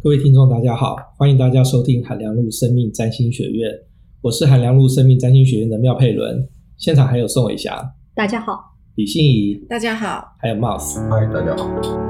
各位聽眾，大家好，歡迎大家收聽韓良露生命占星學院，我是韓良露生命占星學院的妙佩倫，現場還有宋偉霞，大家好，李心怡，大家好，還有 Mouse，嗨，Hi, 大家好。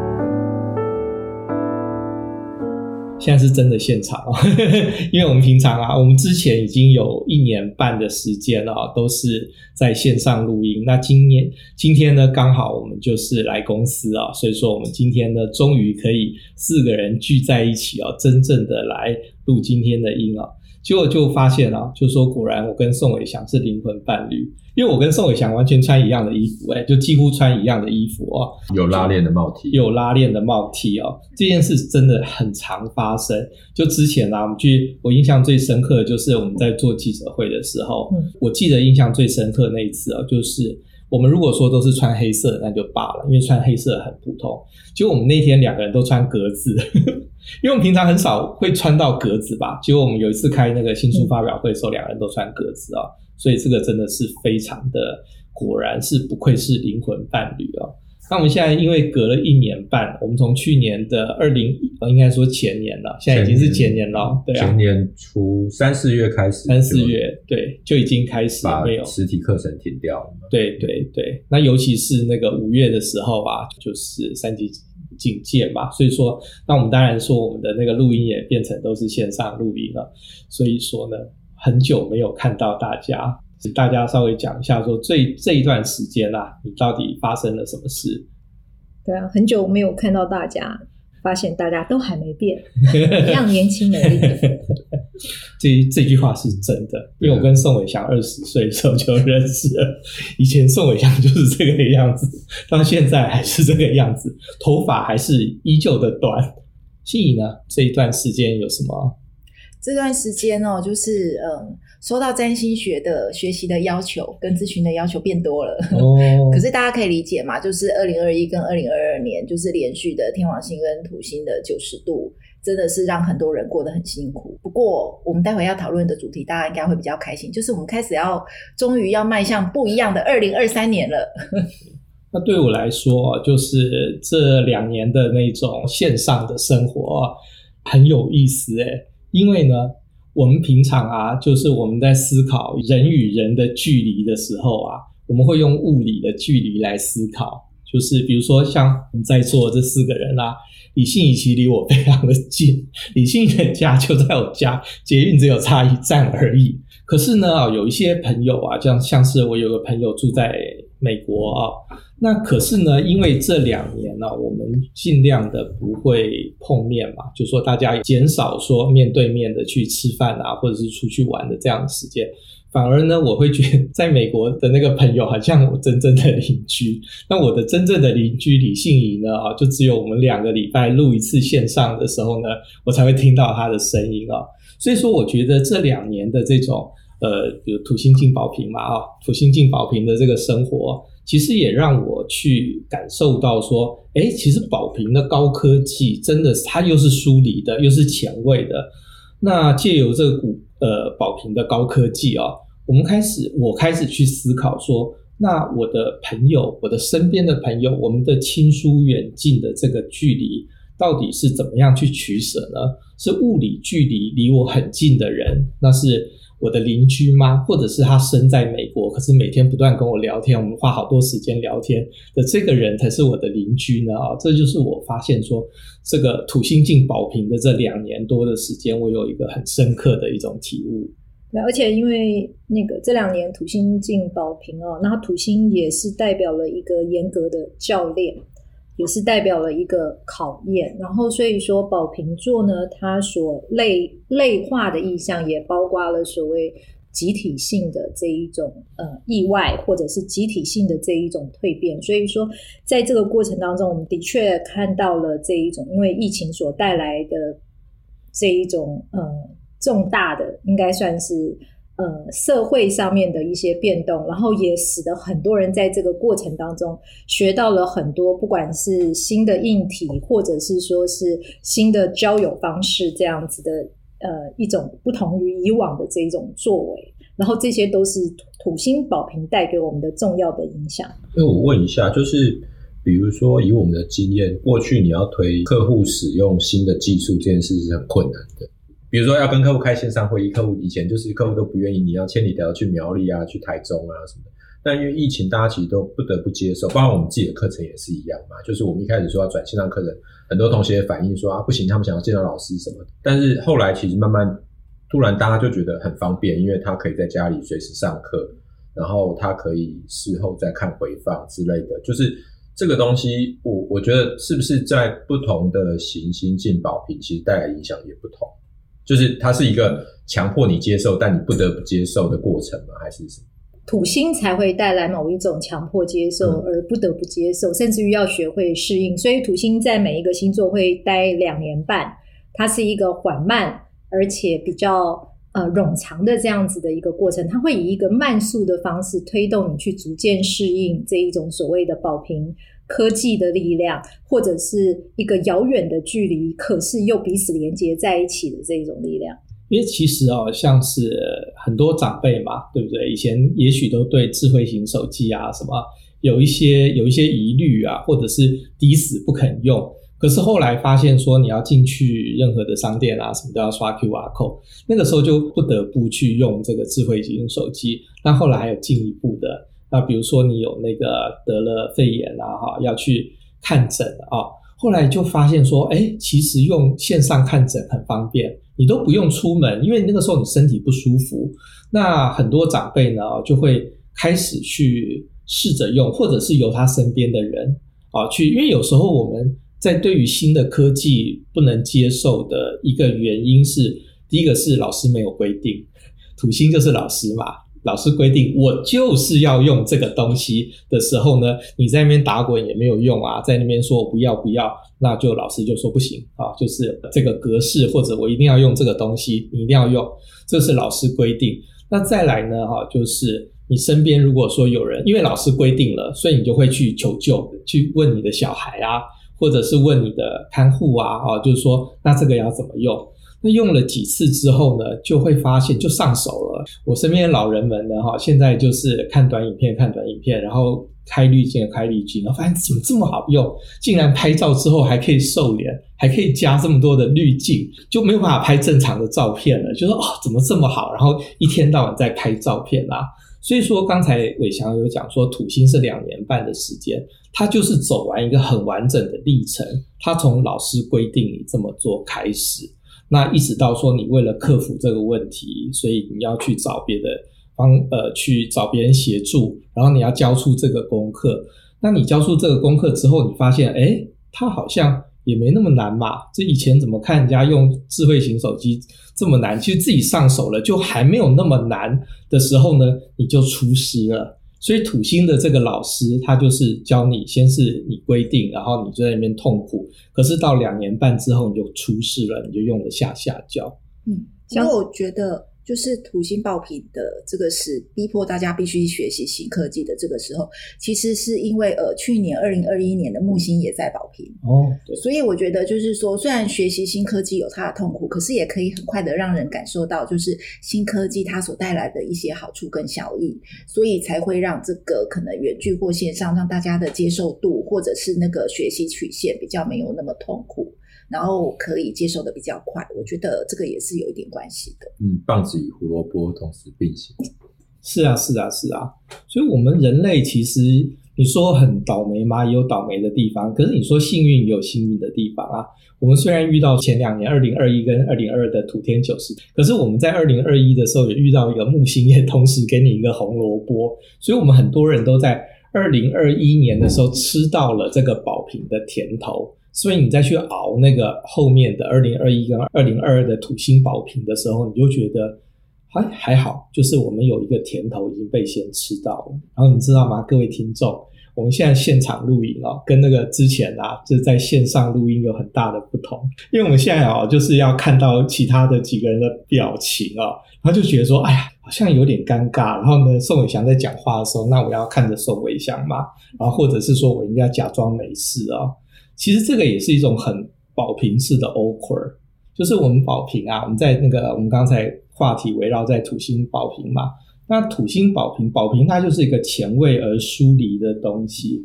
現在是真的現場哦，呵呵，因為我們平常啊，我們之前已經有一年半的時間了啊，都是在線上錄音。那今年今天呢，剛好我們就是來公司啊，所以說我們今天呢，終於可以四個人聚在一起啊，真正的來錄今天的音啊。結果就發現了、啊，就說果然我跟宋偉祥是靈魂伴侶，因為我跟宋偉祥完全穿一樣的衣服、欸，誒就幾乎穿一樣的衣服哦、啊。有拉鏈的帽 T，有拉鏈的帽 T 哦、啊，這件事真的很常發生。就之前啊，我們去，我印象最深刻的就是我們在做記者會的時候，嗯、我記得印象最深刻的那一次哦、啊，就是。我們如果說都是穿黑色，那就罷了，因為穿黑色很普通。結果我們那天兩個人都穿格子，呵呵，因為我們平常很少會穿到格子吧。結果我們有一次開那個新書發表會的時候，嗯、兩個人都穿格子啊、哦，所以這個真的是非常的，果然是不愧是靈魂伴侶啊、哦。那我們現在因為隔了一年半，我們從去年的二零，應該說前年了，現在已經是前年了，對啊，前年初三四月開始，三四月對，就已經開始沒有實體課程停掉了，對對對，那尤其是那個五月的時候吧，就是三級警戒嘛，所以說，那我們當然說我們的那個錄音也變成都是線上錄音了，所以說呢，很久沒有看到大家。大家稍微講一下說，說最這一段時間啦、啊，你到底發生了什麼事？對啊，很久沒有看到大家，發現大家都還沒變， 一樣年輕美麗。 這這句話是真的，因為我跟宋偉祥二十歲的時候就認識了，嗯、以前宋偉祥就是這個樣子，到現在還是這個樣子，頭髮還是依舊的短。心儀呢，這一段時間有什麼？這段時間哦、喔，就是嗯。收到占星學的學習的要求跟諮詢的要求變多了，oh. 可是大家可以理解嘛，就是二零二一跟二零二二年就是連續的天王星跟土星的九十度，真的是讓很多人過得很辛苦。不過我們待會要討論的主題，大家應該會比較開心，就是我們開始要終於要邁向不一樣的二零二三年了。 那對我來說，就是這兩年的那種線上的生活很有意思誒，因為呢。我們平常啊，就是我們在思考人與人的距離的時候啊，我們會用物理的距離來思考，就是比如說像我們在座這四個人啦，啊，理性與其離我非常的近，理性的家就在我家，捷運只有差一站而已。可是呢啊，有一些朋友啊，像像是我有個朋友住在。美國啊、哦，那可是呢，因為這兩年呢、啊，我們儘量的不會碰面嘛，就說大家減少說面對面的去吃飯啊，或者是出去玩的這樣的時間。反而呢，我會覺得在美國的那個朋友好像我真正的鄰居。那我的真正的鄰居李信儀呢啊，就只有我們兩個禮拜錄一次線上的時候呢，我才會聽到他的聲音啊、哦。所以說，我覺得這兩年的這種。呃，比如土星進寶瓶嘛，啊、哦，土星進寶瓶的這個生活，其實也讓我去感受到說，哎、欸，其實寶瓶的高科技，真的是，它又是疏離的，又是前衛的。那借由這股呃寶瓶的高科技哦，我們開始，我開始去思考說，那我的朋友，我的身邊的朋友，我們的親疏遠近的這個距離，到底是怎麼樣去取捨呢？是物理距離離我很近的人，那是？我的鄰居嗎？或者是他生在美國，可是每天不斷跟我聊天，我們花好多時間聊天的這個人才是我的鄰居呢？哦，這就是我發現說，這個土星進寶瓶的這兩年多的時間，我有一個很深刻的一種體悟。而且因為那個這兩年土星進寶瓶哦，那土星也是代表了一個嚴格的教練。也是代表了一個考驗，然後所以說寶瓶座呢，它所類類化的意象也包括了所謂集體性的這一種呃意外，或者是集體性的這一種蛻變。所以說，在這個過程當中，我們的確看到了這一種因為疫情所帶來的這一種呃重大的，應該算是。呃、嗯，社會上面的一些變動，然後也使得很多人在這個過程當中學到了很多，不管是新的硬體，或者是說是新的交友方式這樣子的，呃，一種不同於以往的這一種作為，然後這些都是土土星寶瓶帶給我們的重要的影響。那我問一下，就是比如說以我們的經驗，過去你要推客戶使用新的技術這件事是很困難的。比如說，要跟客戶開線上會議，客戶以前就是客戶都不願意，你要千里迢迢去苗栗啊，去台中啊什麼的。但因為疫情，大家其實都不得不接受，包括我們自己的課程也是一樣嘛。就是我們一開始說要轉線上課程，很多同學反映說啊，不行，他們想要見到老師什麼的。但是後來其實慢慢，突然大家就覺得很方便，因為他可以在家裡隨時上課，然後他可以事後再看回放之類的。就是這個東西，我我覺得是不是在不同的行星進寶瓶，其實帶來影響也不同。就是它是一個強迫你接受，但你不得不接受的過程嗎？還是什麼土星才會帶來某一種強迫接受而不得不接受，嗯、甚至於要學會適應。所以土星在每一個星座會待兩年半，它是一個緩慢而且比較呃冗長的這樣子的一個過程，它會以一個慢速的方式推動你去逐漸適應這一種所謂的寶瓶。科技的力量，或者是一個遙遠的距離，可是又彼此連接在一起的這一種力量。因為其實哦，像是很多長輩嘛，對不對？以前也許都對智慧型手機啊什麼有一些有一些疑慮啊，或者是抵死不肯用。可是後來發現說，你要進去任何的商店啊，什麼都要刷 QR code，那個時候就不得不去用這個智慧型手機。但後來還有進一步的。那比如說你有那個得了肺炎啊，哈，要去看診啊，後來就發現說，哎、欸，其實用線上看診很方便，你都不用出門，因為那個時候你身體不舒服。那很多長輩呢就會開始去試着用，或者是由他身邊的人啊去，因為有時候我們在對於新的科技不能接受的一個原因是，第一個是老師沒有規定，土星就是老師嘛。老師規定，我就是要用這個東西的時候呢，你在那邊打滾也沒有用啊，在那邊說不要不要，那就老師就說不行啊，就是這個格式或者我一定要用這個東西，你一定要用，這是老師規定。那再來呢，哈，啊，就是你身邊如果說有人，因為老師規定了，所以你就會去求救，去問你的小孩啊，或者是問你的看護啊，啊，就是說那這個要怎麼用？那用了幾次之後呢，就會發現就上手了。我身邊的老人們呢，哈，現在就是看短影片，看短影片，然後開濾鏡，開濾鏡，然後發現怎麼這麼好用，竟然拍照之後還可以瘦臉，還可以加這麼多的濾鏡，就沒有辦法拍正常的照片了，就說哦，怎麼這麼好？然後一天到晚在拍照片啦、啊。所以說，剛才偉強有講說，土星是兩年半的時間，它就是走完一個很完整的歷程，它從老師規定你這麼做開始。那一直到說你為了克服這個問題，所以你要去找別人幫呃去找別人協助，然後你要交出這個功課。那你交出這個功課之後，你發現哎、欸，它好像也沒那麼難嘛。這以前怎麼看人家用智慧型手機這麼難，其實自己上手了就還沒有那麼難的時候呢，你就出師了。所以土星的這個老師，他就是教你，先是你規定，然後你就在那邊痛苦。可是到兩年半之後，你就出事了，你就用了下下教。嗯，其實我覺得。就是土星寶瓶的這個是逼迫大家必須學習新科技的這個時候，其實是因為呃，去年二零二一年的木星也在寶瓶哦、嗯，對，所以我覺得就是說，雖然學習新科技有它的痛苦，可是也可以很快的讓人感受到，就是新科技它所帶來的一些好處跟效益，所以才會讓這個可能遠距或線上讓大家的接受度，或者是那個學習曲線比較沒有那麼痛苦。然後可以接受的比較快，我覺得這個也是有一點關係的。嗯，棒子與胡蘿蔔同時並行，是啊，是啊，是啊。所以，我們人類其實你說很倒霉嗎？也有倒霉的地方。可是你說幸運也有幸運的地方啊。我們雖然遇到前兩年二零二一跟二零二二的土天九十，可是我們在二零二一的時候也遇到一個木星夜，也同時給你一個紅蘿蔔。所以，我們很多人都在二零二一年的時候吃到了這個寶瓶的甜頭。嗯所以你再去熬那個後面的二零二一跟二零二二的土星寶瓶的時候，你就覺得還還好，就是我們有一個甜頭已經被先吃到了。然後你知道嗎，各位聽眾，我們現在現場錄影喔，跟那個之前啊，就是在線上錄音有很大的不同，因為我們現在喔，就是要看到其他的幾個人的表情喔，然後就覺得說，哎呀，好像有點尷尬。然後呢，宋偉祥在講話的時候，那我要看着宋偉祥嘛，然後或者是說我應該假裝沒事喔。其實這個也是一種很寶瓶式的 awkward，就是我們寶瓶啊，我們在那個我們剛才話題圍繞在土星寶瓶嘛。那土星寶瓶，寶瓶它就是一個前衛而疏離的東西。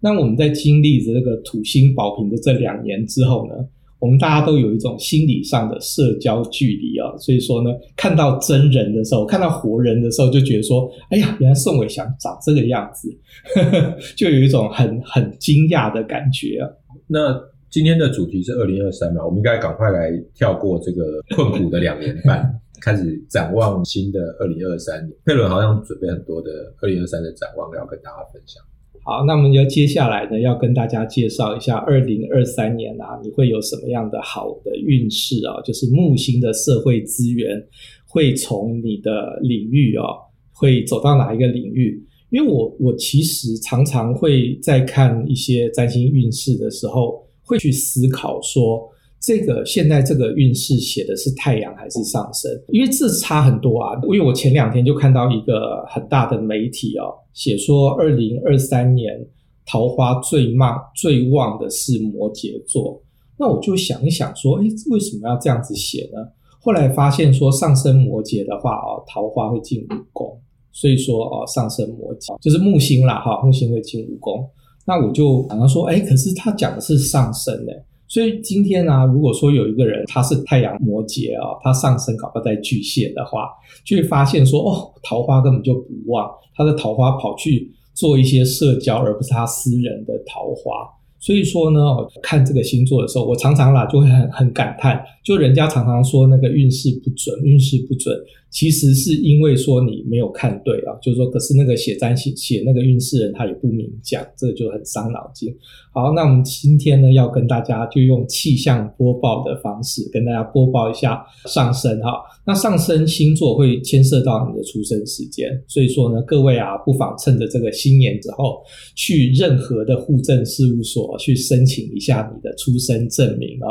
那我們在經歷著這個土星寶瓶的這兩年之後呢，我們大家都有一種心理上的社交距離啊、哦。所以說呢，看到真人的時候，看到活人的時候，就覺得說，哎呀，原來宋偉祥長這個樣子， 就有一種很很驚訝的感覺啊。那今天的主題是二零二三嘛，我們應該趕快來跳過這個困苦的兩年半， 開始展望新的二零二三年。佩倫好像準備很多的二零二三的展望要跟大家分享。好，那我們就接下來呢，要跟大家介紹一下二零二三年啊，你會有什麼樣的好的運勢啊、哦？就是木星的社會資源會從你的領域哦，會走到哪一個領域？因為我我其實常常會在看一些占星運勢的時候，會去思考說，這個現在這個運勢寫的是太陽還是上升？因為這差很多啊。因為我前兩天就看到一個很大的媒體哦，寫說二零二三年桃花最慢，、最旺的是摩羯座。那我就想一想說，誒，為什麼要這樣子寫呢？後來發現說，上升摩羯的話哦，桃花會進五宮。所以說哦，上升摩羯就是木星啦哈、哦，木星會進五宮。那我就想到說，誒，可是他講的是上升誒。所以今天啊，如果說有一個人他是太陽摩羯啊、哦，他上升搞到在巨蟹的話，就會發現說哦，桃花根本就不旺，他的桃花跑去做一些社交，而不是他私人的桃花。所以說呢，哦、看這個星座的時候，我常常啦就會很很感嘆，就人家常常說那個運勢不準，運勢不準。其實是因為說你沒有看對啊，就是說，可是那個寫占星寫那個運勢人他也不明講，這個、就很傷腦筋。好，那我們今天呢要跟大家就用氣象播報的方式跟大家播報一下上升哈、啊。那上升星座會牽涉到你的出生時間，所以說呢，各位啊，不妨趁着這個新年之後去任何的戶政事務所去申請一下你的出生證明啊，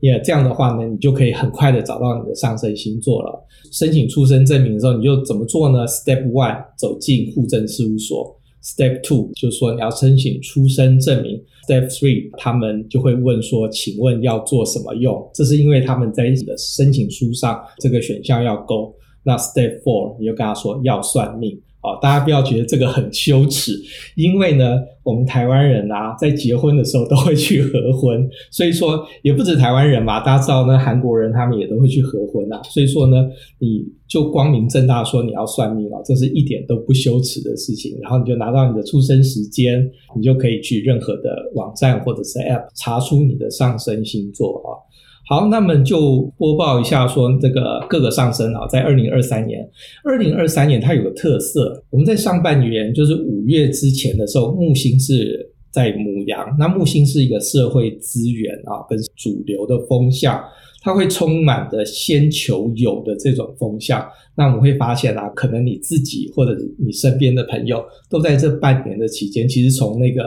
也、yeah, 這樣的話呢，你就可以很快的找到你的上升星座了，申請。出生證明的時候，你就怎麼做呢？Step one，走進戶政事務所；Step two，就是說你要申請出生證明；Step three，他們就會問說，請問要做什麼用？這是因為他們在你的申請書上這個選項要勾。那 Step four，你就跟他說要算命。哦，大家不要覺得這個很羞恥，因為呢，我們台灣人啊，在結婚的時候都會去合婚，所以說也不止台灣人嘛，大家知道呢，韓國人他們也都會去合婚啊，所以說呢，你就光明正大說你要算命啊，這是一點都不羞恥的事情，然後你就拿到你的出生時間，你就可以去任何的網站或者是 App 查出你的上升星座啊。好，那麼就播報一下說，這個各個上升啊，在二零二三年，二零二三年它有個特色，我們在上半年，就是五月之前的時候，木星是在牡羊，那木星是一個社會資源啊，跟主流的風向，它會充滿著「先求有」的這種風向，那我們會發現啊，可能你自己或者你身邊的朋友都在這半年的期間，其實從那個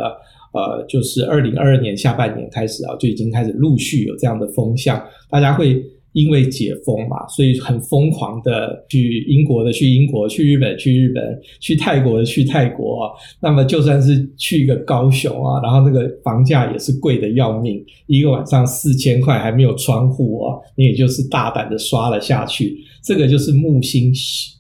呃，就是二零二二年下半年開始啊，就已經開始陸續有這樣的風向，大家會因為解封嘛，所以很瘋狂的去英國的去英國，去日本去日本，去泰國的去泰國啊。那麼就算是去一個高雄啊，然後那個房價也是貴的要命，一個晚上四千塊還沒有窗戶啊，你也就是大膽的刷了下去。這個就是木星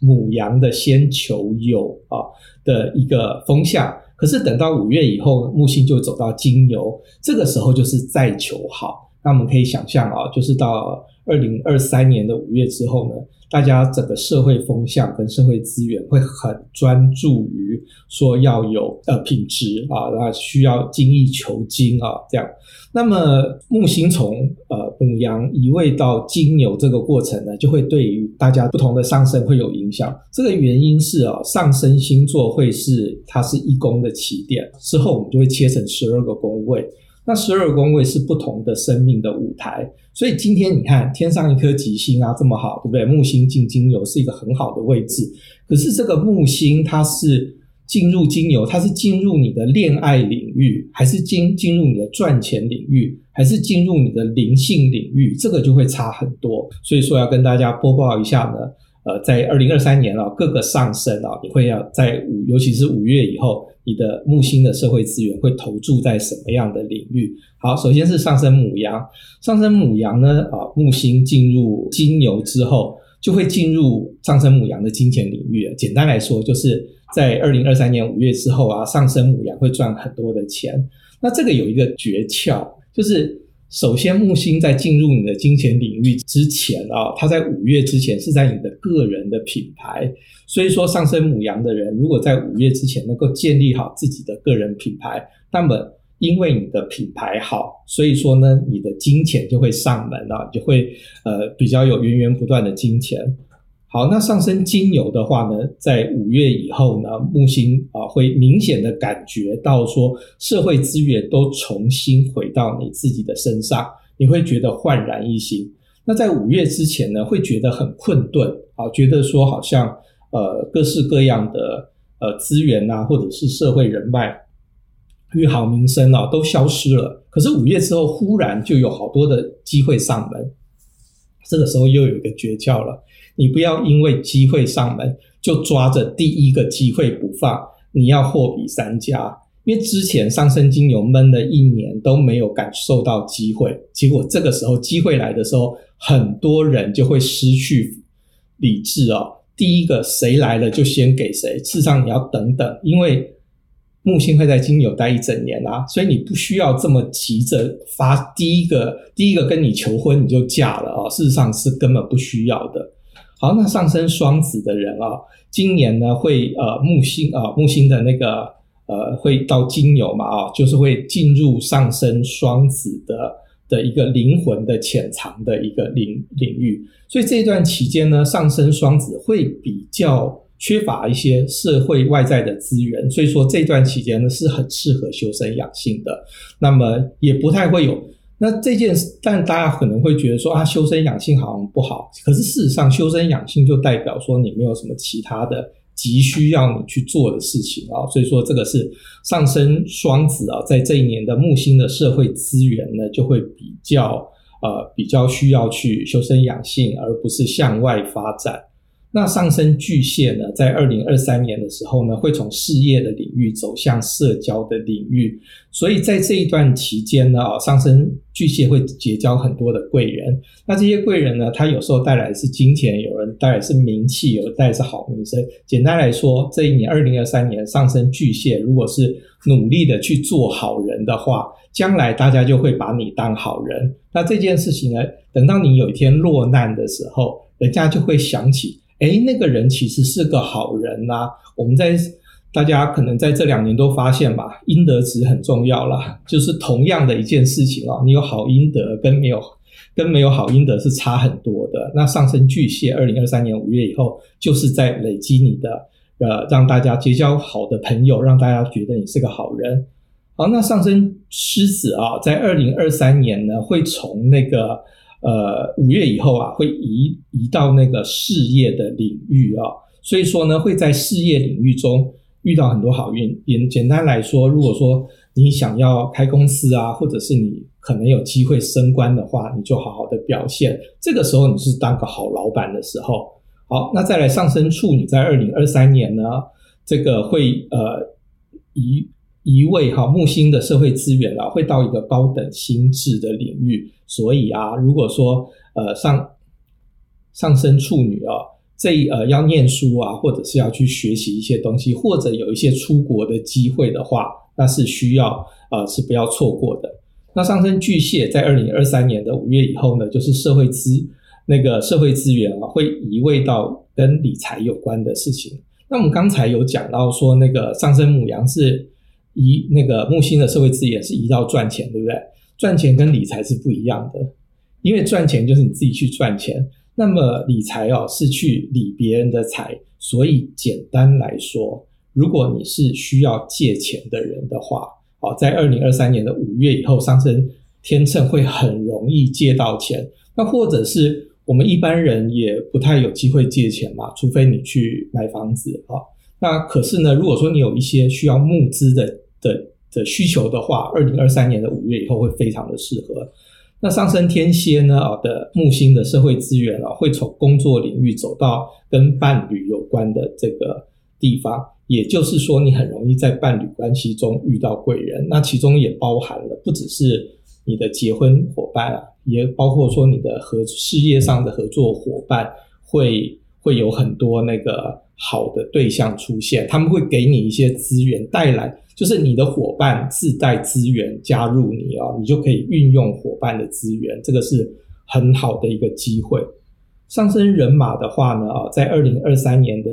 牡羊的先求有啊的一個風向。可是等到五月以後，木星就走到金牛，這個時候就是在求好。那我們可以想象啊，就是到二零二三年的五月之後呢。大家整個社會風向跟社會資源會很專注於說要有呃品質啊，那需要精益求精啊，這樣。那麼木星從呃牡羊移位到金牛這個過程呢，就會對於大家不同的上升會有影響。這個原因是啊，上升星座會是它是一宮的起點，之後我們就會切成十二個宮位。那十二宮位是不同的生命的舞台，所以今天你看天上一顆吉星啊，這麼好，對不對？木星進金牛是一個很好的位置，可是這個木星它是進入金牛，它是進入你的戀愛領域，還是進進入你的賺錢領域，還是進入你的靈性領域？這個就會差很多。所以說要跟大家播報一下呢，呃，在二零二三年了、啊，各個上升啊，你會要在五，尤其是五月以後。你的木星的社會資源會投注在什麼樣的領域？好，首先是上升牡羊。上升牡羊呢，啊，木星進入金牛之後，就會進入上升牡羊的金錢領域。簡單來說，就是在二零二三年五月之後啊，上升牡羊會賺很多的錢。那這個有一個訣竅，就是。首先，木星在進入你的金錢領域之前啊，它在五月之前是在你的個人的品牌。所以說，上升牡羊的人，如果在五月之前能夠建立好自己的個人品牌，那麼因為你的品牌好，所以說呢，你的金錢就會上門啊，就會呃比較有源源不斷的金錢。好，那上升金牛的話呢，在五月以後呢，木星啊會明顯的感覺到說，社會資源都重新回到你自己的身上，你會覺得煥然一新。那在五月之前呢，會覺得很困頓啊，覺得說好像呃，各式各樣的呃資源啊，或者是社會人脈、約好名聲啊，都消失了。可是五月之後，忽然就有好多的機會上門，這個時候又有一個訣竅了。你不要因為機會上門就抓着第一個機會不放，你要貨比三家。因為之前上升金牛悶了一年都沒有感受到機會，結果這個時候機會來的時候，很多人就會失去理智哦。第一個誰來了就先給誰，事實上你要等等，因為木星會在金牛待一整年啊，所以你不需要這麼急着發第一個第一個跟你求婚你就嫁了哦，事實上是根本不需要的。好，那上升雙子的人啊、哦，今年呢會呃木星啊、呃、木星的那個呃會到金牛嘛啊、哦，就是會進入上升雙子的的一個靈魂的潛藏的一個領領域，所以這段期間呢，上升雙子會比較缺乏一些社會外在的資源，所以說這段期間呢是很適合修身養性的，那麼也不太會有。那這件事，但大家可能會覺得說啊，修身養性好像不好。可是事實上，修身養性就代表說你沒有什麼其他的急需要你去做的事情啊。所以說，這個是上升雙子啊，在這一年的木星的社會資源呢，就會比較呃比較需要去修身養性，而不是向外發展。那上升巨蟹呢，在二零二三年的時候呢，會從事業的領域走向社交的領域，所以在這一段期間呢，啊，上升巨蟹會結交很多的貴人。那這些貴人呢，他有時候帶來的是金錢，有人帶來是名氣，有人帶來是好名聲。簡單來說，這一年二零二三年上升巨蟹，如果是努力的去做好人的話，將來大家就會把你當好人。那這件事情呢，等到你有一天落難的時候，人家就會想起。哎、欸，那個人其實是個好人吶、啊。我們在大家可能在這兩年都發現吧，陰德值很重要啦。就是同樣的一件事情哦、啊，你有好陰德跟沒有跟沒有好陰德是差很多的。那上升巨蟹，二零二三年五月以後就是在累積你的呃，讓大家結交好的朋友，讓大家覺得你是個好人。好、啊，那上升獅子啊，在二零二三年呢，會從那個。呃，五月以後啊，會移移到那個事業的領域啊，所以說呢，會在事業領域中遇到很多好運。簡簡單來說，如果說你想要開公司啊，或者是你可能有機會升官的話，你就好好的表現。這個時候你是當個好老板的時候。好，那再來上升處女在二零二三年呢，這個會呃移。移位哈，木星的社會資源啊，會到一個高等心智的領域，所以啊，如果說呃上上升處女啊，這一呃要念書啊，或者是要去學習一些東西，或者有一些出國的機會的話，那是需要呃是不要錯過的。那上升巨蟹在二零二三年的五月以後呢，就是社會資那個社會資源啊，會移位到跟理財有關的事情。那我們剛才有講到說，那個上升牡羊是。移，那個木星的社會資源是移到賺錢，對不對？賺錢跟理財是不一樣的，因為賺錢就是你自己去賺錢，那麼理財哦，是去理別人的財。所以簡單來說，如果你是需要借錢的人的話，哦，在二零二三年的五月以後，上升天秤會很容易借到錢。那或者是我們一般人也不太有機會借錢嘛，除非你去買房子啊。那可是呢，如果說你有一些需要募資的。的的需求的話，2023年的5月以後會非常的適合。那上升天蠍呢？啊，的木星的社會資源啊，會從工作領域走到跟伴侶有關的這個地方，也就是說，你很容易在伴侶關係中遇到貴人。那其中也包含了不只是你的結婚伙伴啊，也包括說你的合事業上的合作伙伴會會有很多那個。好的對象出現，他們會給你一些資源帶來，就是你的夥伴自帶資源加入你啊、哦，你就可以運用夥伴的資源，這個是很好的一個機會。上升人馬的話呢啊，在二零二三年的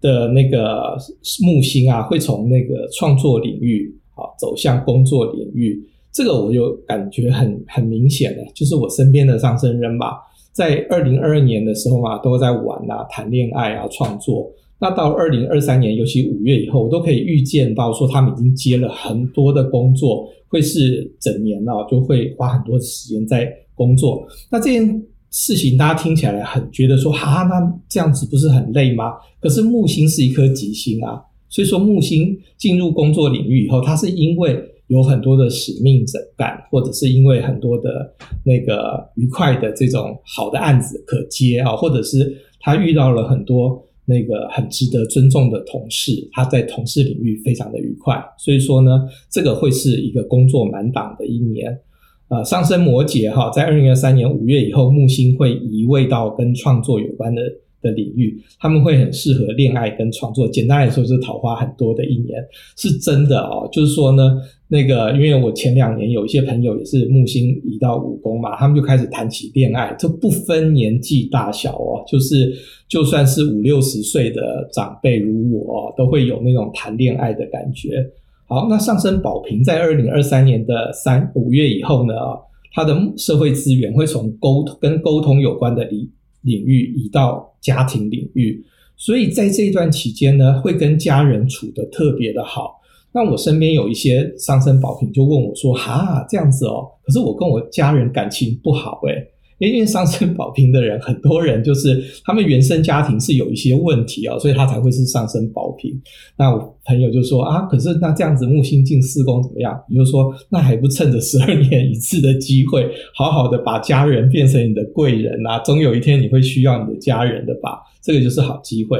的那個木星啊，會從那個創作領域啊走向工作領域，這個我就感覺很很明顯了，就是我身邊的上升人馬在二零二二年的時候啊，都在玩啊、談戀愛啊、創作。那到二零二三年，尤其五月以後，我都可以預見到說，他們已經接了很多的工作，會是整年哦，就會花很多時間在工作。那這件事情，大家聽起來很覺得說，哈、啊，那這樣子不是很累嗎？可是木星是一顆吉星啊，所以說木星進入工作領域以後，它是因為有很多的使命感，或者是因為很多的那個愉快的這種好的案子可接啊、哦，或者是他遇到了很多。那個很值得尊重的同事，他在同事領域非常的愉快，所以說呢，這個會是一個工作滿檔的一年。呃，上升摩羯哈，在二零二三年五月以後，木星會移位到跟創作有關的的領域，他們會很適合戀愛跟創作。簡單來說，就是桃花很多的一年，是真的哦。就是說呢，那個因為我前兩年有一些朋友也是木星移到五宮嘛，他們就開始談起戀愛，這不分年紀大小哦，就是。就算是五六十歲的長輩如我，都會有那種談戀愛的感覺。好，那上升寶瓶在二零二三年的三、五月以後呢，他的社會資源會從溝跟溝通有關的領領域移到家庭領域，所以在這一段期間呢，會跟家人處得特別的好。那我身邊有一些上升寶瓶就問我說：“哈、啊，這樣子哦，可是我跟我家人感情不好誒。”因為上升寶瓶的人，很多人就是他們原生家庭是有一些問題啊、哦，所以他才會是上升寶瓶。那我朋友就說啊，可是那這樣子木星進四宮怎麼樣？比如說那還不趁着十二年一次的機會，好好的把家人變成你的貴人吶、啊，終有一天你會需要你的家人的吧？這個就是好機會。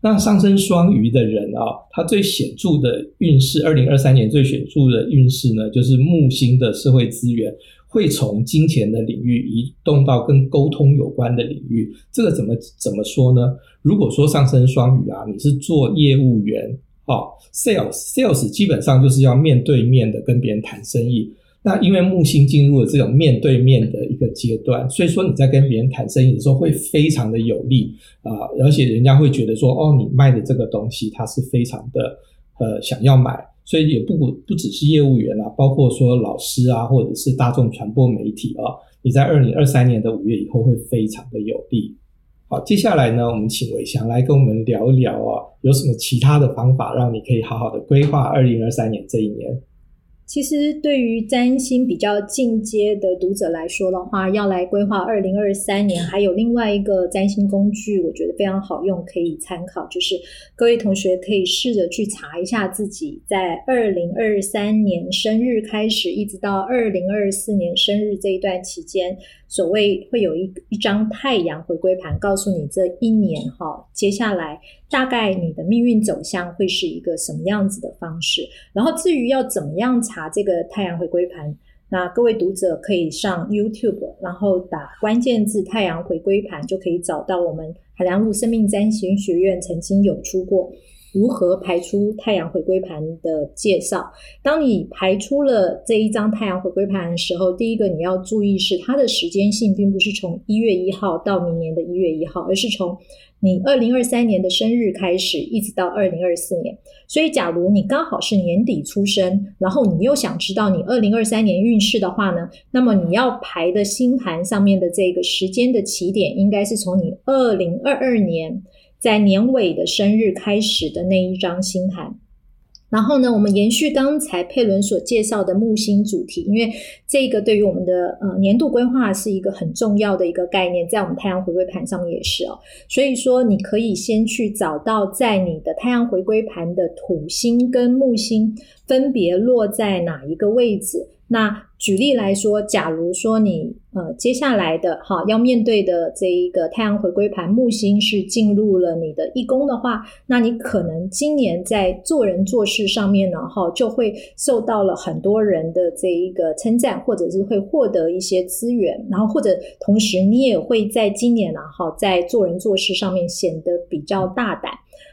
那上升雙魚的人啊、哦，他最顯著的運勢，二零二三年最顯著的運勢呢，就是木星的社會資源。會從金錢的領域移動到跟溝通有關的領域，這個怎麼怎麼說呢？如果說上升雙魚啊，你是做業務員啊，哦，sales，sales 基本上就是要面對面的跟別人談生意。那因為木星進入了這種面對面的一個階段，所以說你在跟別人談生意的時候會非常的有利啊，呃，而且人家會覺得說，哦，你賣的這個東西它是非常的呃想要買。所以也不不不只是業務員啊，包括說老師啊，或者是大眾傳播媒體啊，你在二零二三年的五月以後會非常的有利。好，接下來呢，我們請偉翔來跟我們聊一聊啊，有什麼其他的方法讓你可以好好的規劃二零二三年這一年。其實，對於占星比較進階的讀者來說的話，要來規劃二零二三年，還有另外一個占星工具，我覺得非常好用，可以參考，就是各位同學可以試着去查一下自己在二零二三年生日開始，一直到二零二四年生日這一段期間，所謂會有一一張太陽回歸盤，告訴你這一年哈、哦，接下來。大概你的命運走向會是一個什麼樣子的方式？然後至於要怎麼樣查這個太陽回歸盤，那各位讀者可以上 YouTube，然後打關鍵字“太陽回歸盤”就可以找到我們海良路生命占星學院曾經有出過如何排出太陽回歸盤的介紹。當你排出了這一張太陽回歸盤的時候，第一個你要注意是它的時間性，並不是從一月一號到明年的一月一號，而是從。你二零二三年的生日開始，一直到二零二四年。所以，假如你剛好是年底出生，然後你又想知道你二零二三年運勢的話呢，那麼你要排的星盤上面的這個時間的起點，應該是從你二零二二年在年尾的生日開始的那一張星盤。然後呢，我們延續剛才佩倫所介紹的木星主題，因為這個對於我們的呃年度規劃是一個很重要的一個概念，在我們太陽回歸盤上也是哦，所以說你可以先去找到在你的太陽回歸盤的土星跟木星分別落在哪一個位置。那舉例來說，假如說你呃、嗯、接下來的哈要面對的這一個太陽回歸盤，木星是進入了你的一宮的話，那你可能今年在做人做事上面呢哈就會受到了很多人的這一個稱讚，或者是會獲得一些資源，然後或者同時你也會在今年呢哈在做人做事上面顯得比較大膽。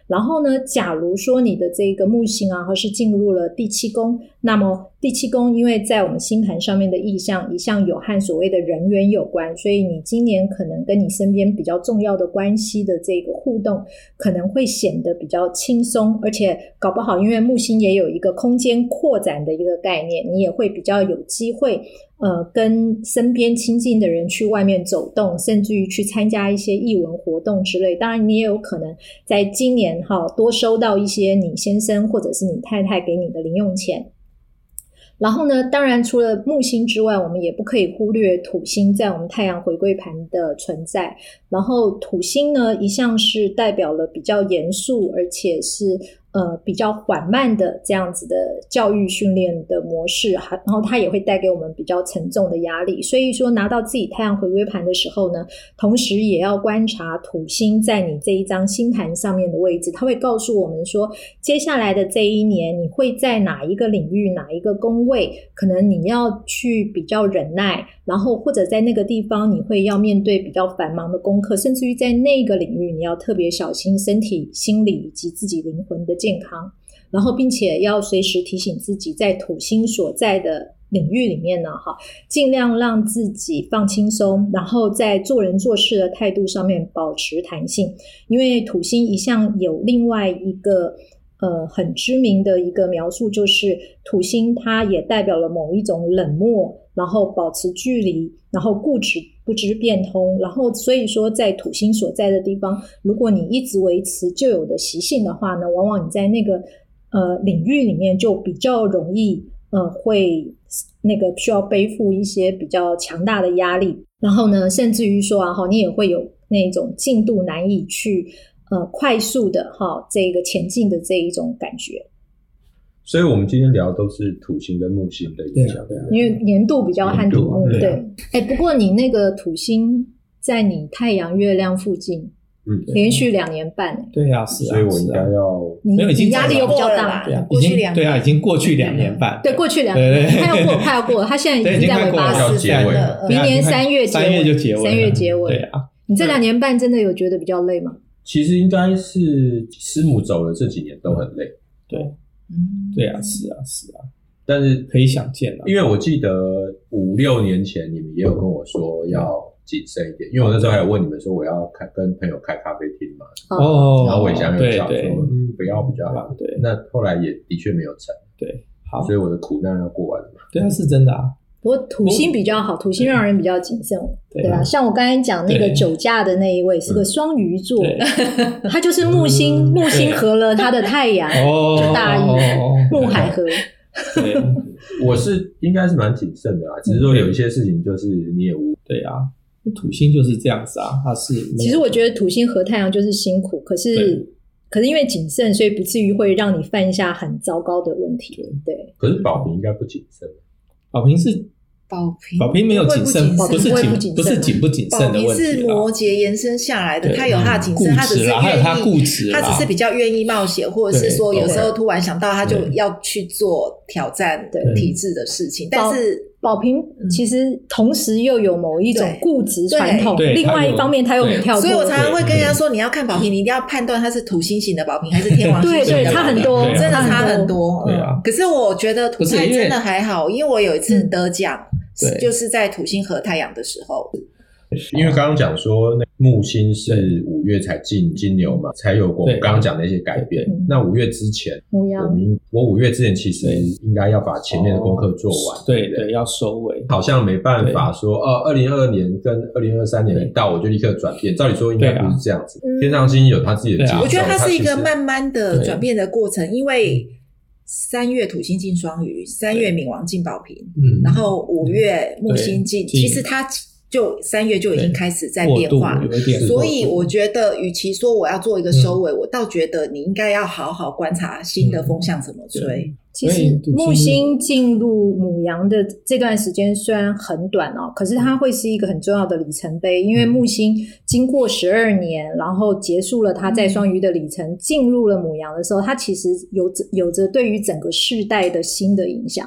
然後呢，假如說你的這一個木星啊哈是進入了第七宮，那麼。第七宮，因為在我們星盤上面的意象，一向有和所謂的人緣有關，所以你今年可能跟你身邊比較重要的關係的這個互動，可能會顯得比較輕鬆，而且搞不好，因為木星也有一個空間擴展的一個概念，你也會比較有機會，呃，跟身邊親近的人去外面走動，甚至於去參加一些藝文活動之類。當然，你也有可能在今年哈，多收到一些你先生或者是你太太給你的零用錢。然後呢，當然，除了木星之外，我們也不可以忽略土星在我們太陽回歸盤的存在。然後，土星呢，一向是代表了比較嚴肅，而且是。呃，比較緩慢的這樣子的教育訓練的模式，還然後它也會帶給我們比較沉重的壓力。所以說，拿到自己太陽回歸盤的時候呢，同時也要觀察土星在你這一張星盤上面的位置，它會告訴我們說，接下來的這一年你會在哪一個領域、哪一個宮位，可能你要去比較忍耐。然後，或者在那個地方，你會要面對比較繁忙的功課，甚至於在那個領域，你要特別小心身體、心理以及自己靈魂的健康。然後，並且要隨時提醒自己，在土星所在的領域裡面呢，哈，盡量讓自己放輕鬆，然後在做人做事的態度上面保持彈性。因為土星一向有另外一個，呃，很知名的一個描述，就是土星它也代表了某一種冷漠。然後保持距離，然後固執不知變通，然後所以說在土星所在的地方，如果你一直維持舊有的習性的話呢，往往你在那個呃領域裡面就比較容易呃會那個需要背負一些比較強大的壓力，然後呢甚至於說啊哈你也會有那種進度難以去呃快速的哈這個前進的這一種感覺。所以我們今天聊的都是土星跟木星的影響，因為年度比較和土木對。哎，不過你那個土星在你太陽月亮附近，嗯，連續兩年半。對呀，是啊，所以我應該要你有已經壓力比較大，已經。對呀，已經過去兩年半，對，過去兩年，他要過快要過，他現在已經在尾巴要結尾了，明年三月結三月就結尾，三月結尾。對啊，你這兩年半真的有覺得比較累嗎？其實應該是師母走了這幾年都很累，對。嗯，對啊，是啊，是啊，但是可以想見啊，因為我記得五六年前你們也有跟我說要謹慎一點，因為我那時候還有問你們說我要跟朋友開咖啡廳嘛，哦，然後我也想說不要比較好，對，那後來也的確沒有成，對，好，所以我的苦難要過完了嘛，對啊，是真的啊。我土星比較好，土星讓人比較謹慎，對吧？像我剛才講那個酒駕的那一位是個雙魚座，他就是木星木星合了他的太陽，就大運，木海合。我是應該是蠻謹慎的啊。只是說有一些事情就是你也無對啊，土星就是這樣子啊，他是其實我覺得土星和太陽就是辛苦，可是可是因為謹慎，所以不至於會讓你犯下很糟糕的問題。對，可是寶瓶應該不謹慎，寶瓶是。寶瓶，寶瓶沒有謹慎，不是不是，不謹慎的問題。寶瓶是摩羯延伸下來的，他有他的謹慎，固執啊，他只是願意，他，有他，固執啊，他只是比較願意冒險，或者是說有時候突然想到他就要去做挑戰的體制的事情。但是寶瓶其實同時又有某一種固執傳統，另外一方面他又很跳。所以我常常會跟人家說，你要看寶瓶，你一定要判斷他是土星型的寶瓶還是天王星型的寶瓶，差很多，真的差很多。對啊，可是我覺得土太真的還好，因為我有一次得獎。對，就是在土星和太陽的時候，因為剛剛講說木星是五月才進金牛嘛，才有過我剛剛講的一些改變。那五月之前，我們我五月之前其實應該要把前面的功課做完，對的，要收尾。好像沒辦法說，二二零二二年跟二零二三年一到我就立刻轉變，照理說應該不是這樣子。天上星有它自己的節奏，我覺得它是一個慢慢的轉變的過程，因為。三月土星進雙魚，三月冥王進寶瓶，對然後五月木星進，其實它就三月就已經開始在變化了，所以我覺得，與其說我要做一個收尾，對我倒覺得你應該要好好觀察新的風向怎麼吹。其實木星進入牡羊的這段時間雖然很短哦，可是它會是一個很重要的里程碑，因為木星經過十二年，然後結束了它在雙魚的旅程，進入了牡羊的時候，它其實有着有着對於整個世代的新的影響。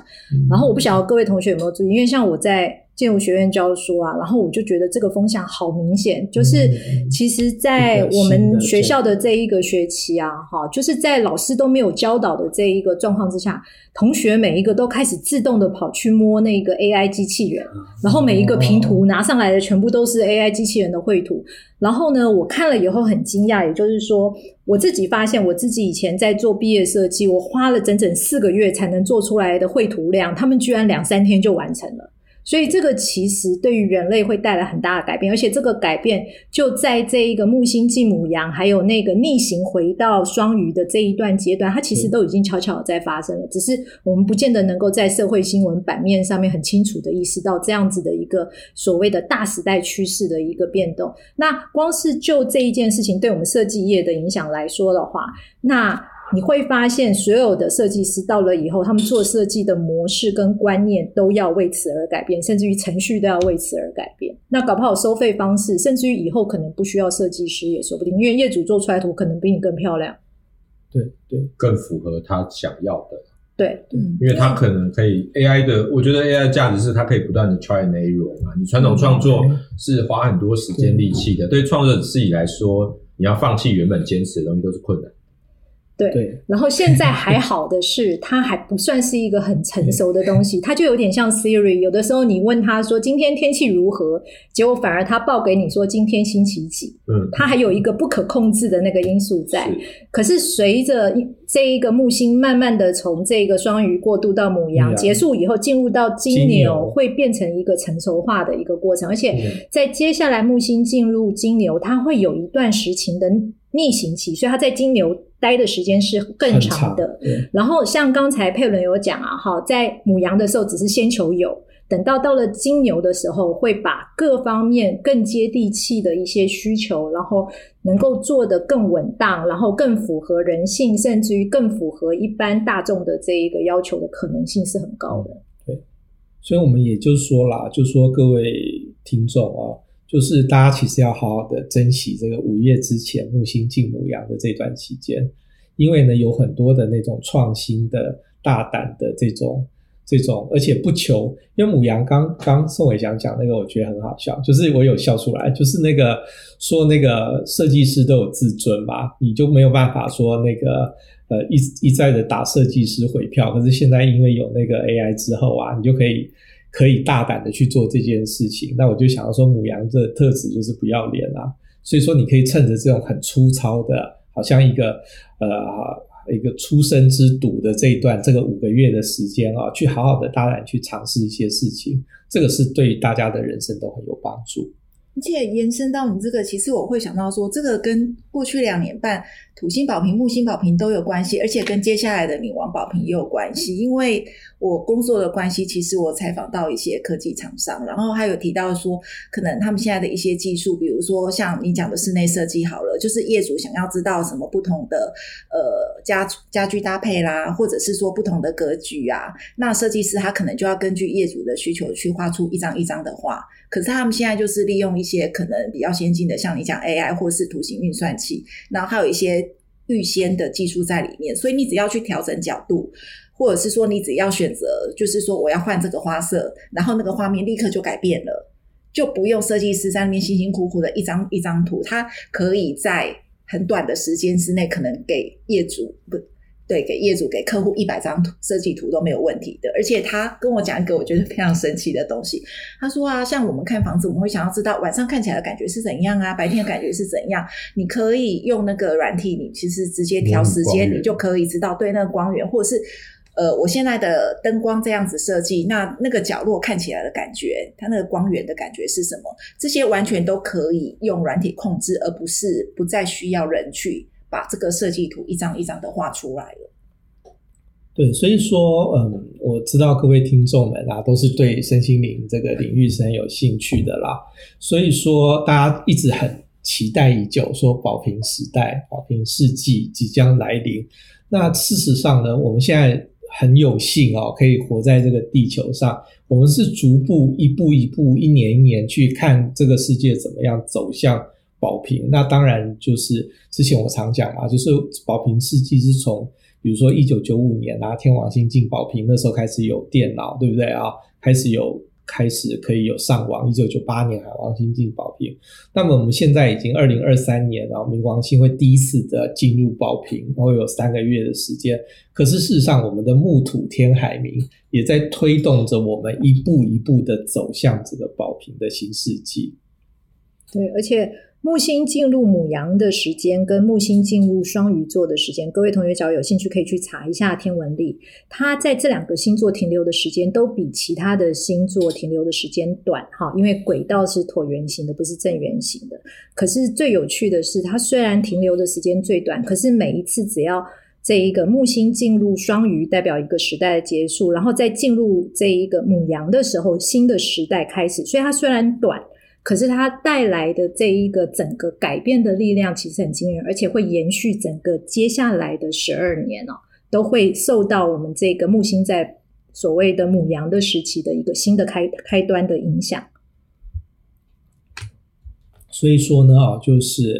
然後我不曉得各位同學有沒有注意，因為像我在。建築學院教書啊，然後我就覺得這個風向好明顯，就是其實，在我們學校的這一個學期啊，哈，就是在老師都沒有教導的這一個狀況之下，同學每一個都開始自動的跑去摸那個 AI 機器人，然後每一個平圖拿上來的全部都是 AI 機器人的繪圖，然後呢，我看了以後很驚訝，也就是說，我自己發現我自己以前在做畢業設計，我花了整整四個月才能做出來的繪圖量，他們居然兩三天就完成了。所以這個其實對於人類會帶來很大的改變，而且這個改變就在這一個木星進牡羊，還有那個逆行回到雙魚的這一段階段，它其實都已經悄悄的在發生了，嗯、只是我們不見得能夠在社會新聞版面上面很清楚的意識到這樣子的一個所謂的大時代趨勢的一個變動。那光是就這一件事情對我們設計業的影響來說的話，那。你會發現，所有的設計師到了以後，他們做設計的模式跟觀念都要為此而改變，甚至於程序都要為此而改變。那搞不好收費方式，甚至於以後可能不需要設計師也說不定，因為業主做出來圖可能比你更漂亮。對，對，更符合他想要的。對，對，因為他可能可以對 AI 的，我覺得 AI 的價值是它可以不斷的 try and error 啊。你傳統創作是花很多時間力氣的，對，對創作者自己來說，你要放棄原本堅持的東西都是困難。對，對然後現在還好的是，對它還不算是一個很成熟的東西，對它就有點像 Siri。有的時候你問它說今天天氣如何，結果反而它報給你說今天星期幾。嗯，它還有一個不可控制的那個因素在。是。可是隨着這一個木星慢慢的從這個雙魚過渡到牡羊結束以後，進入到金牛，金牛會變成一個成熟化的一個過程。而且在接下來木星進入金牛，它會有一段時情的。逆行期，所以他在金牛待的時間是更長的。很長，對。然後像剛才佩倫有講啊，哈，在牡羊的時候只是先求有，等到到了金牛的時候，會把各方面更接地氣的一些需求，然後能夠做得更穩當，然後更符合人性，甚至於更符合一般大眾的這一個要求的可能性是很高的。嗯，對。所以我們也就說啦，就說各位聽眾啊。就是大家其實要好好的珍惜這個五月之前木星進牡羊的這段期間，因為呢有很多的那種創新的、大膽的這種、這種，而且不求，因為牡羊剛剛宋偉祥講那個，我覺得很好笑，就是我有笑出來，就是那個說那個設計師都有自尊吧，你就沒有辦法說那個呃一一再的打設計師回票，可是現在因為有那個 AI 之後啊，你就可以。可以大膽的去做這件事情，那我就想要說牡羊的特質就是不要臉啊，所以說你可以趁着這種很粗糙的，好像一個呃一個出生之犢的這一段這個五個月的時間啊，去好好的大膽去嘗試一些事情，這個是對於大家的人生都很有幫助。而且延伸到你這個，其實我會想到說，這個跟過去兩年半土星寶瓶、木星寶瓶都有關係，而且跟接下來的冥王寶瓶也有關係。因為我工作的關係，其實我採訪到一些科技廠商，然後他有提到說，可能他們現在的一些技術，比如說像你講的室內設計好了，就是業主想要知道什麼不同的呃家家居搭配啦，或者是說不同的格局啊，那設計師他可能就要根據業主的需求去畫出一張一張的畫。可是他們現在就是利用一些可能比較先進的，像你講 AI 或是圖形運算器，然後還有一些預先的技術在裡面。所以你只要去調整角度，或者是說你只要選擇，就是說我要換這個花色，然後那個畫面立刻就改變了，就不用設計師在那邊辛辛苦苦的一張一張圖，它可以在很短的時間之內，可能給業主不。對，給業主、給客戶一百張圖設計圖都沒有問題的。而且他跟我講一個我覺得非常神奇的東西，他說啊，像我們看房子，我們會想要知道晚上看起來的感覺是怎樣啊，白天的感覺是怎樣。你可以用那個軟體，你其實直接調時間，你就可以知道對那個光源，或者是呃我現在的燈光這樣子設計，那那個角落看起來的感覺，它那個光源的感覺是什麼？這些完全都可以用軟體控制，而不是不再需要人去。把這個設計圖一張一張的畫出來了。對，所以說，嗯，我知道各位聽眾們啊，都是對身心靈這個領域是很有興趣的啦。所以說，大家一直很期待已久，說寶瓶時代、寶瓶世紀即將來臨。那事實上呢，我們現在很有幸哦，可以活在這個地球上。我們是逐步一步一步、一年一年去看這個世界怎麼樣走向寶瓶，那當然就是之前我常講啊，就是寶瓶世紀是從，比如說一九九五年啊，天王星進寶瓶那時候開始有電腦，對不對啊？開始有開始可以有上網。一九九八年海王星進寶瓶，那麼我們現在已經二零二三年啊，冥王星會第一次的進入寶瓶，然後有三個月的時間。可是事實上，我們的木土天海冥也在推動着我們一步一步的走向這個寶瓶的新世紀。對，而且。木星進入牡羊的時間跟木星進入雙魚座的時間，各位同學只要有興趣可以去查一下天文曆，它在這兩個星座停留的時間都比其他的星座停留的時間短，哈，因為軌道是橢圓形的，不是正圓形的。可是最有趣的是，它雖然停留的時間最短，可是每一次只要這一個木星進入雙魚，代表一個時代的結束，然後再進入這一個牡羊的時候，新的時代開始。所以它雖然短。可是它帶來的這一個整個改變的力量，其實很驚人，而且會延續整個接下來的十二年哦，都會受到我們這個木星在所謂的牡羊的時期的一個新的開開端的影響。所以說呢，啊，就是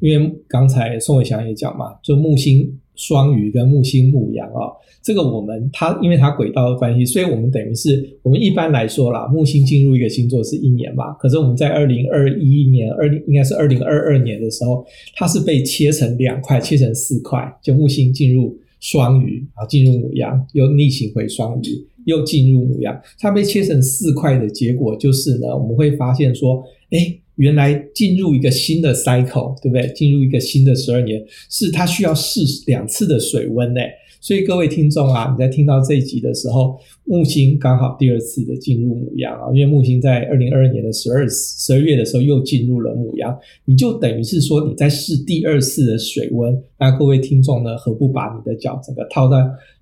因為剛才宋偉翔也講嘛，就木星。雙魚跟木星、牡羊啊、哦，這個我們它因為它軌道的關係，所以我們等於是我們一般來說啦，木星進入一個星座是一年嘛。可是我們在二零二一年二應該是二零二二年的時候，它是被切成兩塊，切成四塊。就木星進入雙魚，啊，進入牡羊，又逆行回雙魚，又進入牡羊。它被切成四塊的結果就是呢，我們會發現說，哎、欸。原來進入一個新的 cycle，對不對？進入一個新的十二年，是它需要試兩次的水溫耶。所以各位聽眾啊，你在聽到這一集的時候，木星剛好第二次的進入牡羊啊，因為木星在二零二二年的十二十二月的時候又進入了牡羊，你就等於是說你在試第二次的水溫。那各位聽眾呢，何不把你的腳整個套在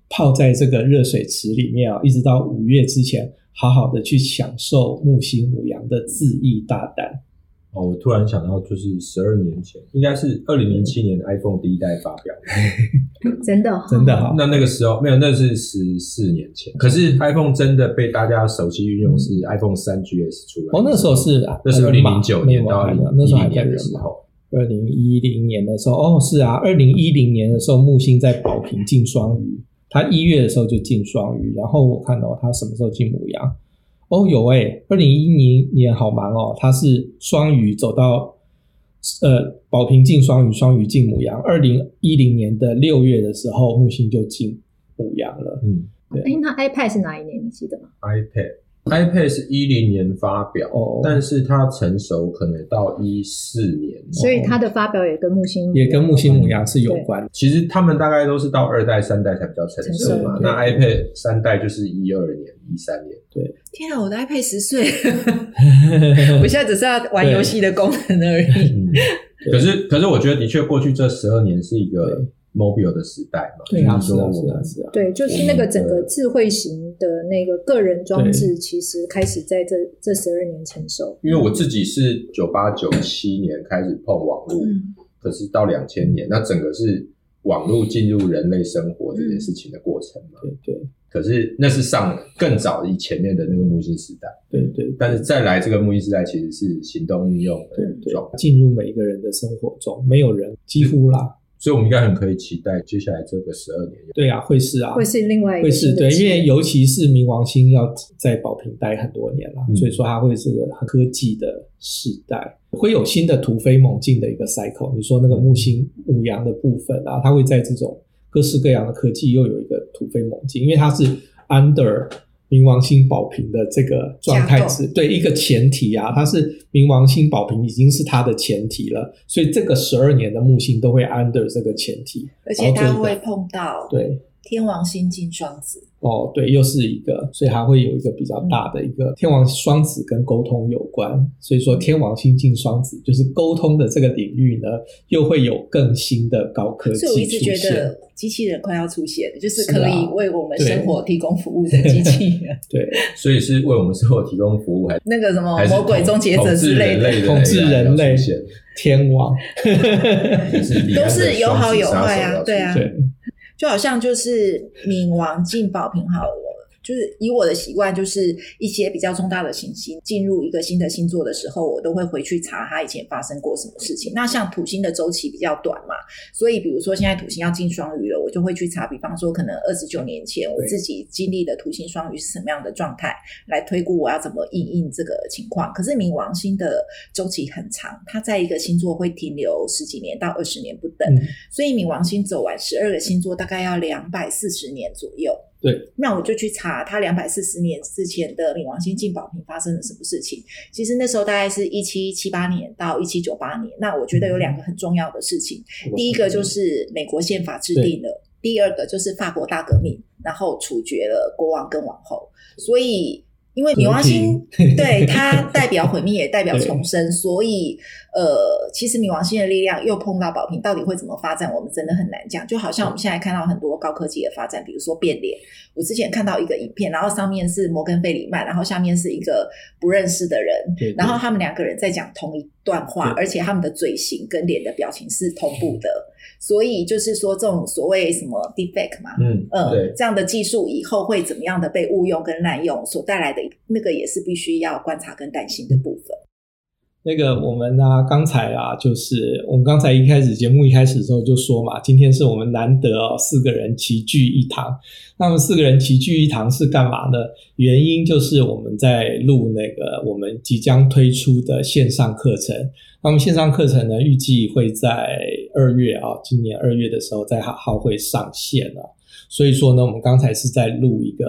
泡在這個熱水池裡面啊，一直到五月之前，好好的去享受木星牡羊的恣意大膽。哦，我突然想到，就是十二年前，應該是二零零七年 iPhone 第一代發表，真的、哦， 真的、哦。那那個時候沒有，那個、是十四年前。嗯、可是 iPhone 真的被大家熟悉運用是 iPhone 三 GS 出來。哦，那時候是，啊、那是二零零九年到二零一零年的時候，二零一零年的時候，哦，是啊，二零一零年的時候，木星在寶瓶進雙魚，它一月的時候就進雙魚，然後我看到、哦、它什麼時候進牡羊。哦，有誒、欸，二零一零年好忙哦。他是雙魚走到，呃，寶瓶進雙魚，雙魚進牡羊。二零一零年的六月的時候，木星就進牡羊了。嗯，對。欸，那 iPad 是哪一年？你記得嗎？iPad，iPad iPad 是一零年發表，哦、但是它成熟可能到一四年，所以它的發表也跟木星也跟木星牡羊是有關。對其實他們大概都是到二代、三代才比較成熟嘛。熟那 iPad 三代就是一二年、一三年。對，天啊，我的 iPad 十歲， 我現在只是要玩遊戲的功能而已。嗯、 可是，可是，我覺得的確，過去這十二年是一個 mobile 的時代嘛，對，就是那個整個智慧型的那個個人裝置，其實開始在這對這十二年成熟。嗯、因為我自己是九八九七年開始碰網絡，嗯、可是到兩千年，那整個是。網絡進入人類生活這件事情的過程嘛、嗯？對對。可是那是上更早以前面的那個木星時代。對對。對對，但是再來這個木星時代，其實是行動運用的，進入每一個人的生活中，沒有人幾乎啦。所以，我們應該很可以期待接下來這個十二年。對啊，會是啊，會是另外一個，會是，對，因為尤其是冥王星要在寶瓶待很多年了，啊，嗯、所以說它會是個科技的時代，會有新的突飛猛進的一個 cycle。你說那個木星五陽的部分啊，它會在這種各式各樣的科技又有一個突飛猛進，因為它是 under。冥王星寶瓶的這個狀態是，控對一個前提啊，它是冥王星寶瓶已經是它的前提了，所以這個十二年的木星都會 under 這個前提，而且它會碰到對。對天王星進雙子哦，對，又是一個，所以還會有一個比較大的一個、嗯、天王雙子跟溝通有關，所以說天王星進雙子就是溝通的這個領域呢，又會有更新的高科技出現。所以我一直覺得機器人快要出現，就是可以為我們生活提供服務的機器人、啊。對， 對 對所以是為我們生活提供服務，還是那個什麼魔鬼終結者之類的統治人類，類？天王， 是都是有好有壞啊，對啊。對就好像就是冥王進寶瓶好了。就是以我的習慣，就是一些比較重大的行星進入一個新的星座的時候，我都會回去查它以前發生過什麼事情。那像土星的周期比較短嘛，所以比如說現在土星要進雙魚了，我就會去查，比方說可能二十九年前我自己經歷的土星雙魚是什麼樣的狀態，對來推估我要怎麼應應這個情況。可是冥王星的周期很長，它在一個星座會停留十幾年到二十年不等，嗯。所以冥王星走完十二個星座大概要兩百四十年左右。對，那我就去查他兩百四十年之前的冥王星進寶瓶發生了什麼事情。其實那時候大概是一七七八年到一七九八年，那我覺得有兩個很重要的事情，嗯、第一個就是美國憲法制定了，對第二個就是法國大革命，然後處決了國王跟王後，所以。因為冥王星復庭 對，它代表毀滅也代表重生，對所以呃，其實冥王星的力量又碰到寶瓶，到底會怎麼發展，我們真的很難講。就好像我們現在看到很多高科技的發展，比如說變臉，我之前看到一個影片，然後上面是摩根·貝里曼，然後下面是一個不認識的人，對對對，然後他們兩個人在講同一段話，對而且他們的嘴型跟臉的表情是同步的。所以就是說，這種所謂什麼 deepfake 嘛，嗯嗯，呃、對這樣的技術以後會怎麼樣的被誤用跟濫用，所帶來的那個也是必須要觀察跟擔心的部分。嗯那個我們啊，剛才啊，就是我們剛才一開始節目一開始的時候就說嘛，今天是我們難得哦，四個人齊聚一堂。那麼四個人齊聚一堂是幹嘛呢？原因就是我們在錄那個我們即將推出的線上課程。那麼線上課程呢，預計會在二月啊，今年二月的時候再好好會上線了啊。所以說呢，我們剛才是在錄一個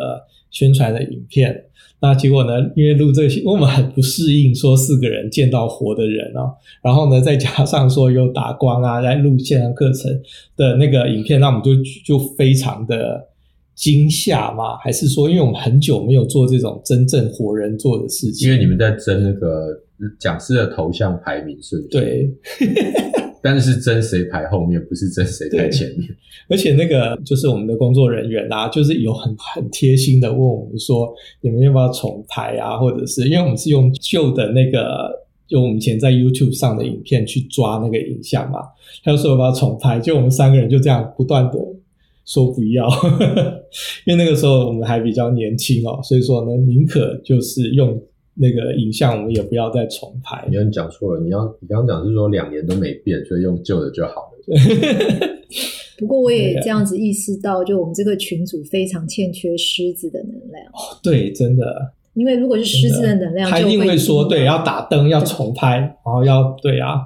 宣傳的影片。那結果呢？因為錄這些、個，我們很不適應說四個人見到活的人啊、哦。然後呢，再加上說有打光啊，來錄線上課程的那個影片，那我們就就非常的驚嚇嘛？還是說，因為我們很久沒有做這種真正活人做的事情？因為你們在爭那個講師的頭像排名，是不是？對。 但是爭誰排後面，不是爭誰排前面。而且那個就是我們的工作人員啦、啊，就是有很很貼心的問我們說，你們要不要重拍啊？或者是因為我們是用舊的那個，就我們以前在 YouTube 上的影片去抓那個影像嘛？他就說有沒有要重拍，就我們三個人就這樣不斷的說不要呵呵，因為那個時候我們還比較年輕哦、喔，所以說呢，寧可就是用。那個影像，我們也不要再重拍。因為你講錯了，你要你剛剛講是說兩年都沒變，所以用舊的就好了。 不過我也這樣子意識到，啊、就我們這個群組非常欠缺獅子的能量。哦、對，真的。因為如果是獅子的能量的，他一定會說：“對，要打燈，要重拍，對然後要對啊。”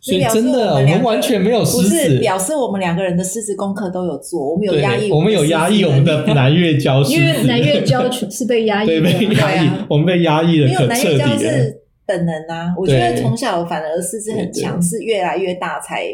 所以真的，我們,我們完全沒有獅子。不是，表示我們兩個人的獅子功課都有做，我們有壓抑我，我們有壓抑我們的南月交獅 因為南月交是被壓抑的 對，被壓抑，我們被壓抑了的。沒有南月交是本能啊！我覺得從小反而獅子很強勢，是越來越大才。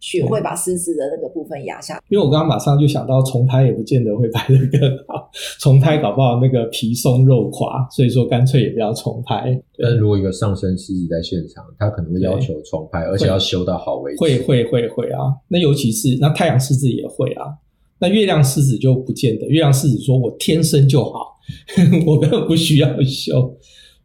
學會把獅子的那個部分壓下、嗯，因為我剛剛馬上就想到重拍也不見得會拍得更好，重、啊、拍搞不好那個皮鬆肉垮，所以說乾脆也不要重拍。但如果一個上升獅子在現場，他可能會要求重拍，對而且要修到好為止。會會會會啊！那尤其是那太陽獅子也會啊，那月亮獅子就不見得。月亮獅子說我天生就好呵呵，我根本不需要修。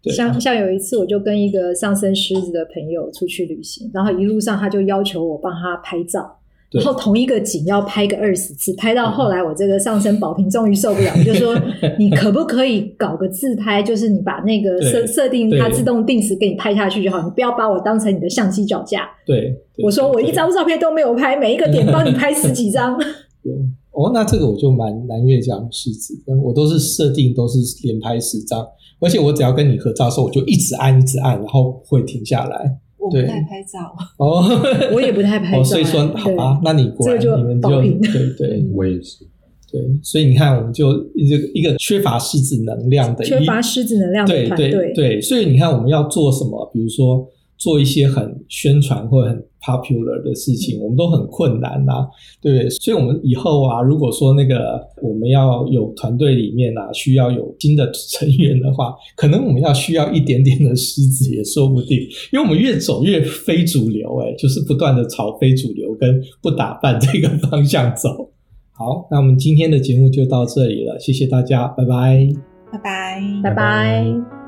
對像像有一次，我就跟一個上升獅子的朋友出去旅行，然後一路上他就要求我幫他拍照，對然後同一個景要拍個二十次，拍到後來我這個上升寶瓶終於受不了， 就說，你可不可以搞個自拍，就是你把那個設設對定它自動定時給你拍下去就好，你不要把我當成你的相機腳架。對。對，我說我一張照片都沒有拍，每一個點幫你拍十幾張。 哦，oh, 那這個我就蠻難越講獅子，我都是設定都是連拍十張，而且我只要跟你合照的時候，我就一直按一直按，然後會停下來。對，我不太拍照，哦，oh, 我也不太拍照，欸，oh, 所以說好吧，對那你這個就你們就。對對，對，我也是。對，所以你看，我們就一個缺乏獅子能量的，缺乏獅子能量的團隊。對對對，所以你看，我們要做什麼？比如說做一些很宣傳或很。popular 的事情，嗯、我們都很困難吶、啊，對不對？所以，我們以後啊，如果說那個我們要有團隊裡面啊，需要有新的成員的話，可能我們要需要一點點的獅子也說不定，因為我們越走越非主流、欸，誒就是不斷的朝非主流跟不打扮這個方向走。好，那我們今天的節目就到這裡了，謝謝大家，拜拜，拜拜，拜拜。